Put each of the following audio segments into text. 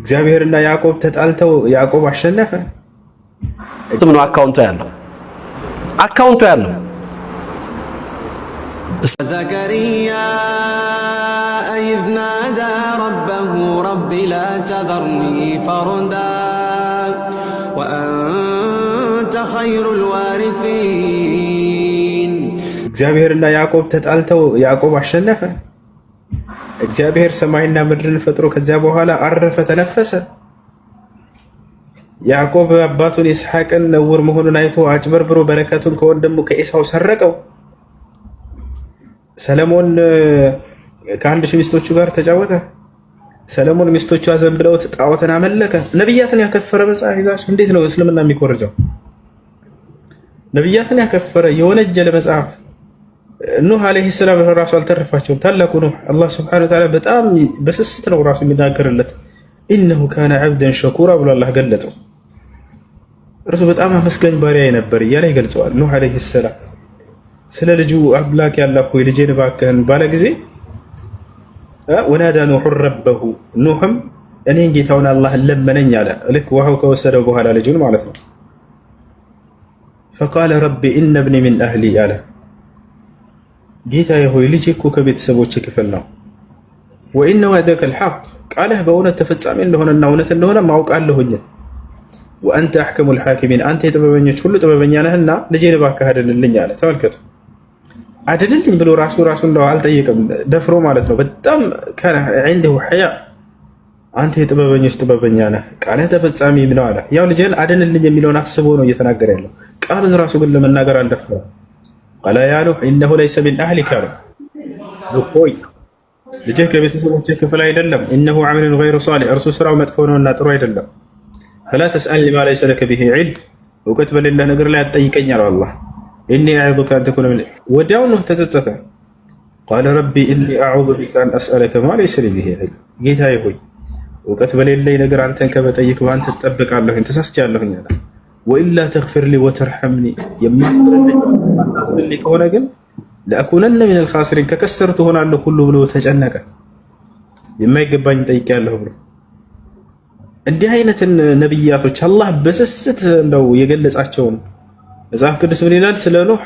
እግዚአብሔርና ያዕቆብ ተጣልተው ያዕቆብ አሸነፈ። ጥም ነው አካውንቱ ያለው አካውንቱ ያለው ዘከሪያ ኢዝ ናዳ ረበሁ ረቢ ላ ተዘርኒ ፈርዳ ወአንተ ኸይሩ ልዋሪሲን እግዚአብሔርና ያዕቆብ ተጣልተው ያዕቆብ አሸነፈ። እግዚአብሔር ሰማይና ምድርን ፈጥሮ ከዚያ በኋላ አረፈ፣ ተነፈሰ። ያዕቆብ አባቱን ይስሐቅን እውር መሆኑን አይቶ አጭበርብሮ በረከቱን ከወንድሙ ከኤሳው ሰረቀው። ሰለሞን ከአንድ ሺህ ሚስቶቹ ጋር ተጫወተ። ሰለሞን ሚስቶቹ አዘንብለውት ጣዖትን አመለከ። ነቢያትን ያከፈረ መጽሐፍ ይዛችሁ እንዴት ነው እስልምና የሚኮርጀው? ነቢያትን ያከፈረ የወነጀለ መጽሐፍ ኑህ ዓለይሂ ሰላም ራሱ አልተረፋቸውም። ታላቁ ኑህ አላህ ስብሐነ ወተዓላ በጣም በስስት ነው ራሱ የሚናገርለት። ኢነሁ ካነ ዐብደን ሸኩራ ብሎ አላህ ገለጸው። እርሱ በጣም አመስጋኝ ባሪያ ነበር እያለ ይገልጸዋል። ኑህ ዓለይሂ ሰላም ስለ ልጁ አምላክ ያላኩ ልጄን እባክህን ባለ ጊዜ ወናዳ ኑሑ ረበሁ ኑህም እኔን ጌታውን አላህ ለመነኝ አለ። ልክ ውሃው ከወሰደው በኋላ ልጁን ማለት ነው። ፈቃለ ረቢ ኢነ ብኒ ሚን አህሊ አለ ጌታ ሆይ ልጅ እኮ ከቤተሰቦች ክፍል ነው። ወኢነ ወደከ ልሐቅ ቃልህ በእውነት ተፈጻሚ እንደሆነና እውነት እንደሆነ ማውቃለሁኝ። ወአንተ አሕከሙ ልሓኪሚን አንተ የጥበበኞች ሁሉ ጥበበኛ ነህና ልጄን እባክህ አድንልኝ አለ። ተመልከቱ አድንልኝ ብሎ ራሱ ራሱ እንደው አልጠየቀም፣ ደፍሮ ማለት ነው። በጣም ንሁ ሕያ አንተ የጥበበኞች ጥበበኛ ነህ፣ ቃልህ ተፈጻሚ ነው አለ። ያው ልጄን አድንልኝ የሚለውን አስቦ ነው እየተናገረ ያለው ቃሉን ራሱ ግን ለመናገር አልደፍረም። ቀላ ያ ኑህ ኢነሁ ለይሰ ሚን አህሊካ ነው። ኑህ ሆይ ልጅህ ከቤተሰቦችህ ክፍል አይደለም። እነሁ አመልን ገይሩ ሷሊህ እርሱ ስራው መጥፎ ነውና ጥሩ አይደለም። ፈላ ተስአልኒ ማ ለይሰ ለከ ቢሂ ዒልም እውቀት በሌለህ ነገር ላይ አትጠይቀኝ አለው አላህ። እኒ አዑዙከ አን ተኩነ ሚነል ወዲያው ኑህ ቃለ ረቢ እኒ አዑዙ ቢከ አን አስአለከ ማ ለይሰ ሊ ቢሂ ዒልም ጌታዬ ሆይ እውቀት በሌለኝ ነገር አንተን ከመጠየቅ በአንተ ትጠብቃለሁኝ ተሳስቻለሁኝ አለ ወኢላ ተግፊርሊ ወተርሐምኒ የምትምረልኝ ከሆነ ግን ለአኩነነ ሚነል ኻሲሪን ከከሰርኩ እሆናለሁ ሁሉ ብሎ ተጨነቀ። የማይገባኝ ጠይቄያለሁ ብሎ እንዲህ አይነትን ነብያቶች አላህ በስስት እንደው የገለጻቸውን መጽሐፍ ቅዱስ ምን ይላል ስለ ኖህ?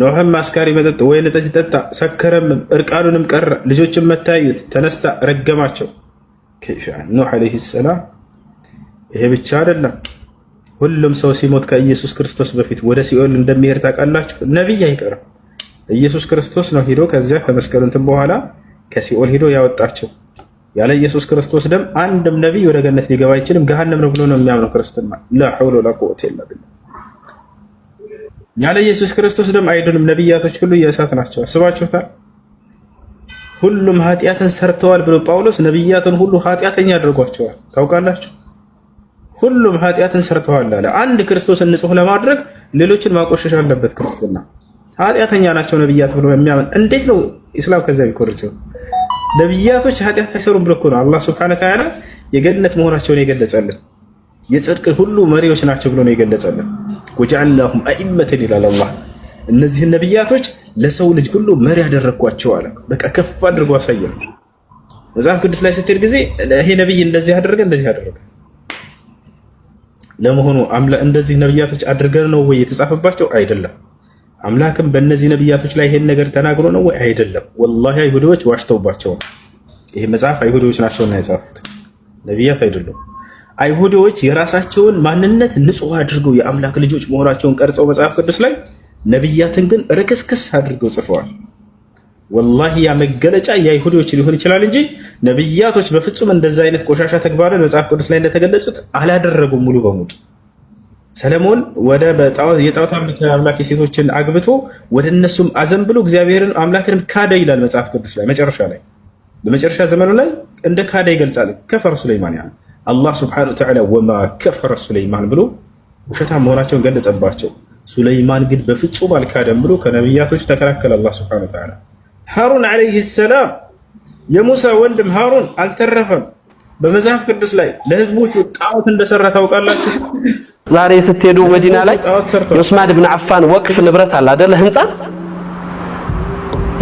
ኖህም አስካሪ መጠጥ ወይን ጠጅ ጠጣ፣ ሰከረም፣ እርቃኑንም ቀረ፣ ልጆችም መታዩት፣ ተነሳ ረገማቸው። ኖህ ዓለይሂ ሰላም። ይሄ ብቻ አይደለም ሁሉም ሰው ሲሞት ከኢየሱስ ክርስቶስ በፊት ወደ ሲኦል እንደሚሄድ ታውቃላችሁ። ነቢይ አይቀርም። ኢየሱስ ክርስቶስ ነው ሂዶ ከዚያ ከመስቀሉ እንትን በኋላ ከሲኦል ሂዶ ያወጣቸው። ያለ ኢየሱስ ክርስቶስ ደም አንድም ነቢይ ወደ ገነት ሊገባ አይችልም። ገሃነም ነው ብሎ ነው የሚያምነው ክርስትና። ላ ሐውለ ወላ ቁወተ ኢላ ቢላህ። ያለ ኢየሱስ ክርስቶስ ደም አይድንም። ነቢያቶች ሁሉ የእሳት ናቸው። አስባችሁታል? ሁሉም ኃጢአትን ሰርተዋል ብሎ ጳውሎስ ነቢያትን ሁሉ ኃጢአተኛ አድርጓቸዋል። ታውቃላችሁ ሁሉም ኃጢአትን ሰርተዋል አለ። አንድ ክርስቶስን ንጹህ ለማድረግ ሌሎችን ማቆሸሽ አለበት። ክርስትና ኃጢአተኛ ናቸው ነብያት ብሎ የሚያምን እንዴት ነው ኢስላም ከዚያ ቢኮርቸው? ነብያቶች ኃጢአት አይሰሩም ብሎ እኮ ነው አላህ ሱብሐነሁ ወተዓላ የገነት መሆናቸውን የገለጸልን። የጽድቅ ሁሉ መሪዎች ናቸው ብሎ ነው የገለጸልን። ወጀዐልናሁም አኢመትን ይላል አላህ። እነዚህን ነብያቶች ለሰው ልጅ ሁሉ መሪ ያደረግኳቸው አለ። በቃ ከፍ አድርጎ አሳየ። መጽሐፍ ቅዱስ ላይ ስትሄድ ጊዜ ይሄ ነብይ እንደዚህ አደረገ እንደዚህ አደረገ ለመሆኑ እንደዚህ ነቢያቶች አድርገን ነው ወይ የተጻፈባቸው? አይደለም። አምላክም በእነዚህ ነቢያቶች ላይ ይሄን ነገር ተናግሮ ነው ወይ? አይደለም። ወላሂ አይሁዶች ዋሽተውባቸው ነው። ይሄ መጽሐፍ አይሁዶች ናቸውና የጻፉት ነቢያት አይደሉም። አይሁዶች የራሳቸውን ማንነት ንጹሕ አድርገው የአምላክ ልጆች መሆናቸውን ቀርጸው መጽሐፍ ቅዱስ ላይ ነቢያትን ግን ርክስክስ አድርገው ጽፈዋል። ወላሂ ያ መገለጫ የአይሁዶች ሊሆን ይችላል እንጂ ነብያቶች በፍጹም እንደዛ አይነት ቆሻሻ ተግባርን መጽሐፍ ቅዱስ ላይ እንደተገለጹት አላደረጉም። ሙሉ በሙሉ ሰለሞን ወደ የጣዖት አምላክ የሴቶችን አግብቶ ወደ እነሱም አዘን ብሎ እግዚአብሔርን አምላክንም ካደ ይላል መጽሐፍ ቅዱስ ላይ መጨረሻ ላይ በመጨረሻ ዘመኑ ላይ እንደ ካደ ይገልጻል። ከፈረ ሱለይማን ያለ አላህ ስብሐነሁ ወተዓላ ወማ ከፈረ ሱለይማን ብሎ ውሸታም መሆናቸውን ገለጸባቸው። ሱለይማን ግን በፍጹም አልካደም ብሎ ከነብያቶች ተከላከለ አላህ ስብሐነሁ ወተዓላ ሃሩን ዓለይህ ሰላም የሙሳ ወንድም ሃሩን አልተረፈም። በመጽሐፍ ቅዱስ ላይ ለህዝቦቹ ጣዖት እንደሰራ ታውቃላችሁ። ዛሬ ስትሄዱ መዲና ላይ የኡስማን ብን አፋን ወቅፍ ንብረት አለ አይደለ? ህንጻ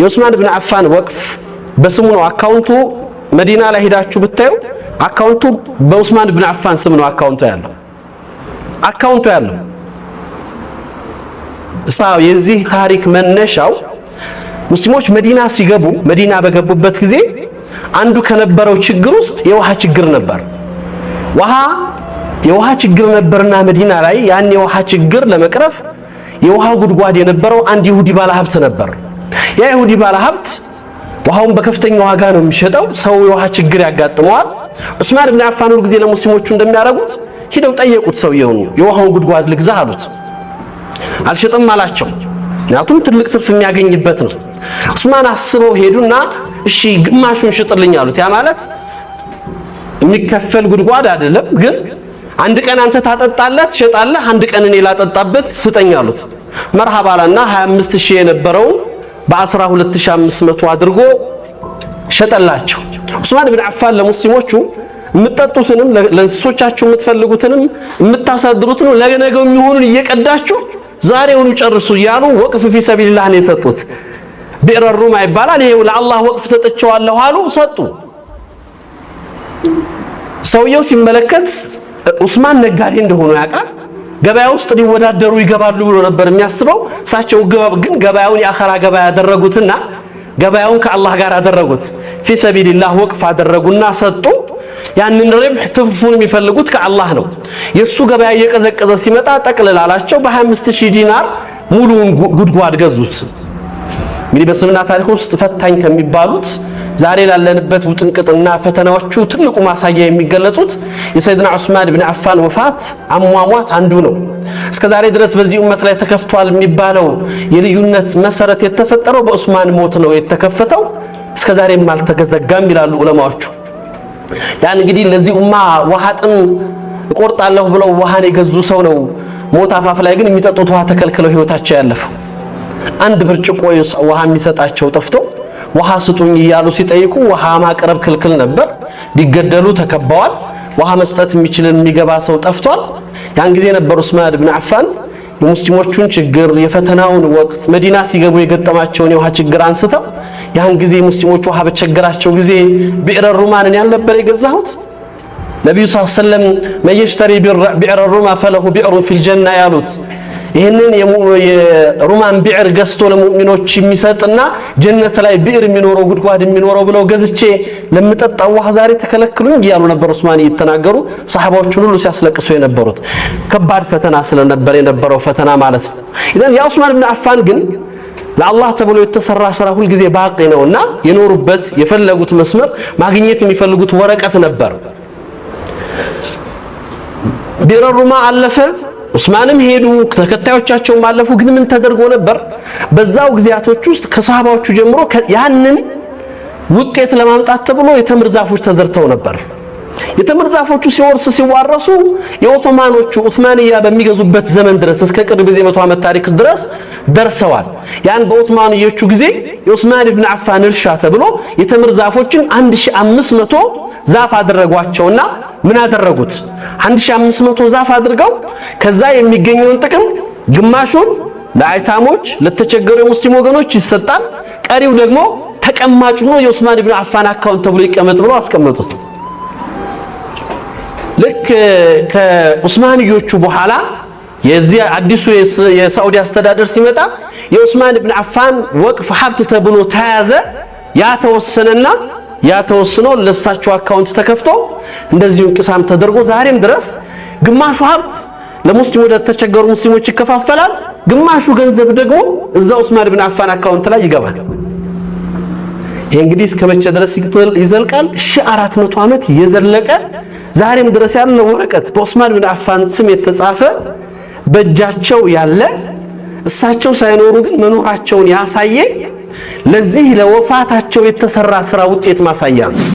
የኡስማን ብን አፋን ወቅፍ በስሙ ነው አካውንቱ። መዲና ላይ ሄዳችሁ ብታዩ አካውንቱ በኡስማን ብን አፋን ስም ነው አካውንቱ ያለው አካውንቱ ያለው እሳ የዚህ ታሪክ መነሻው ሙስሊሞች መዲና ሲገቡ መዲና በገቡበት ጊዜ አንዱ ከነበረው ችግር ውስጥ የውሃ ችግር ነበር። ውሃ የውሃ ችግር ነበርና መዲና ላይ ያን የውሃ ችግር ለመቅረፍ የውሃ ጉድጓድ የነበረው አንድ ይሁዲ ባለሀብት ነበር። ያ ይሁዲ ባለሀብት ውሃውን በከፍተኛ ዋጋ ነው የሚሸጠው። ሰው የውሃ ችግር ያጋጥመዋል። ዑስማን ብን አፋን ሁል ጊዜ ለሙስሊሞቹ እንደሚያደርጉት ሂደው ጠየቁት። ሰውየውን የውሃውን ጉድጓድ ልግዛህ አሉት። አልሸጥም አላቸው። ምክንያቱም ትልቅ ትርፍ የሚያገኝበት ነው። ዑስማን አስበው ሄዱና እሺ ግማሹን ሽጥልኝ አሉት። ያ ማለት የሚከፈል ጉድጓድ አይደለም፣ ግን አንድ ቀን አንተ ታጠጣለህ ትሸጣለህ፣ አንድ ቀን እኔ ላጠጣበት ስጠኝ አሉት። መርሃባላና 25000 የነበረውን በ12500 አድርጎ ሸጠላቸው። ዑስማን ብን አፋን ለሙስሊሞቹ የምትጠጡትንም ለእንስሶቻችሁ የምትፈልጉትንም የምታሳድሩትን ለነገው የሚሆኑን እየቀዳችሁ ዛሬውኑ ጨርሱ እያሉ ወቅፍ ፊ ሰቢልላህ ነው የሰጡት። ብዕረ ሩማ ይባላል። ይሄው ለአላህ ወቅፍ ሰጥቼዋለሁ አሉ፣ ሰጡ። ሰውየው ሲመለከት ኡስማን ነጋዴ እንደሆኑ ያውቃል። ገበያ ውስጥ ሊወዳደሩ ይገባሉ ብሎ ነበር የሚያስበው። እሳቸው ግን ገበያውን የአኸራ ገበያ ያደረጉትና ገበያውን ከአላህ ጋር አደረጉት። ፊ ሰቢልላህ ወቅፍ አደረጉና ሰጡ። ያንን ሪብሕ ትርፉን የሚፈልጉት ከአላህ ነው። የእሱ ገበያ እየቀዘቀዘ ሲመጣ ጠቅልላላቸው በ25 ሺህ ዲናር ሙሉውን ጉድጓድ ገዙት። እንግዲህ በእስልምና ታሪክ ውስጥ ፈታኝ ከሚባሉት ዛሬ ላለንበት ውጥንቅጥና ፈተናዎቹ ትልቁ ማሳያ የሚገለጹት የሰይድና ዑስማን ብን አፋን ወፋት አሟሟት አንዱ ነው። እስከ ዛሬ ድረስ በዚህ ኡመት ላይ ተከፍቷል የሚባለው የልዩነት መሰረት የተፈጠረው በዑስማን ሞት ነው የተከፈተው። እስከ ዛሬም አልተዘጋም ይላሉ ዑለማዎቹ። ያን እንግዲህ ለዚህ ኡማ ውሃ ጥም እቆርጣለሁ ብለው ውሃን የገዙ ሰው ነው። ሞት አፋፍ ላይ ግን የሚጠጡት ውሃ ተከልክለው ህይወታቸው ያለፈው አንድ ብርጭቆ ውሃ የሚሰጣቸው ጠፍቶ ውሃ ስጡኝ እያሉ ሲጠይቁ ውሃ ማቅረብ ክልክል ነበር። ሊገደሉ ተከበዋል። ውሃ መስጠት የሚችልን የሚገባ ሰው ጠፍቷል። ያን ጊዜ ነበር ዑስማን ብን አፋን የሙስሊሞቹን ችግር የፈተናውን ወቅት መዲና ሲገቡ የገጠማቸውን የውሃ ችግር አንስተው ያን ጊዜ ሙስሊሞች ውሃ በቸገራቸው ጊዜ ብዕረ ሩማንን ያልነበረ የገዛሁት ነቢዩ ስ ሰለም መየሽተሪ ብዕረ ሩማ ፈለሁ ብዕሩን ፊልጀና ያሉት ይህንን የሩማን ብዕር ገዝቶ ለሙእሚኖች የሚሰጥና ጀነት ላይ ብዕር የሚኖረው ጉድጓድ የሚኖረው ብለው ገዝቼ ለምጠጣ ውሃ ዛሬ ተከለክሉኝ እያሉ ነበር ዑስማን እየተናገሩ ሰሓባዎቹን ሁሉ ሲያስለቅሱ የነበሩት ከባድ ፈተና ስለነበር የነበረው ፈተና ማለት ነው። ኢዘን ያ ዑስማን ብን አፋን ግን ለአላህ ተብሎ የተሰራ ስራ ሁልጊዜ ባቂ ነውና የኖሩበት የፈለጉት መስመር ማግኘት የሚፈልጉት ወረቀት ነበር። ቢረሩማ አለፈ ዑስማንም ሄዱ ተከታዮቻቸውን ማለፉ። ግን ምን ተደርጎ ነበር? በዛው ጊዜያቶች ውስጥ ከሰሃባዎቹ ጀምሮ ያንን ውጤት ለማምጣት ተብሎ የተምር ዛፎች ተዘርተው ነበር። የተምር ዛፎቹ ሲወርስ ሲዋረሱ የኦቶማኖቹ ዑስማንያ በሚገዙበት ዘመን ድረስ እስከ ቅርብ ጊዜ መቶ ዓመት ታሪክ ድረስ ደርሰዋል። ያን በኦቶማንዮቹ ጊዜ የዑስማን ኢብን አፋን እርሻ ተብሎ የተምር ዛፎችን 1500 ዛፍ አደረጓቸውና ምን አደረጉት? 1500 ዛፍ አድርገው ከዛ የሚገኘውን ጥቅም ግማሹን ለአይታሞች ለተቸገሩ የሙስሊም ወገኖች ይሰጣል፣ ቀሪው ደግሞ ተቀማጭ ሆኖ የኡስማን ኢብኑ አፋን አካውንት ተብሎ ይቀመጥ ብሎ አስቀመጡት። ልክ ከኡስማንዮቹ በኋላ የዚህ አዲሱ የሳዑዲ አስተዳደር ሲመጣ የኡስማን ኢብኑ አፋን ወቅፍ ሀብት ተብሎ ተያዘ። ያ ተወሰነና ያ ተወስኖ ለሳቸው አካውንት ተከፍቶ እንደዚሁ እንቅሳም ተደርጎ ዛሬም ድረስ ግማሹ ሀብት ለሙስሊሙ ለተቸገሩ ሙስሊሞች ይከፋፈላል። ግማሹ ገንዘብ ደግሞ እዛ ኡስማን ብን አፋን አካውንት ላይ ይገባል። ይሄ እንግዲህ እስከ መቼ ድረስ ይዘልቃል? ሺ አራት መቶ ዓመት የዘለቀ ዛሬም ድረስ ያለ ወረቀት በኡስማን ብን አፋን ስም የተጻፈ በእጃቸው ያለ እሳቸው ሳይኖሩ ግን መኖራቸውን ያሳየ ለዚህ ለወፋታቸው የተሰራ ስራ ውጤት ማሳያ ነው።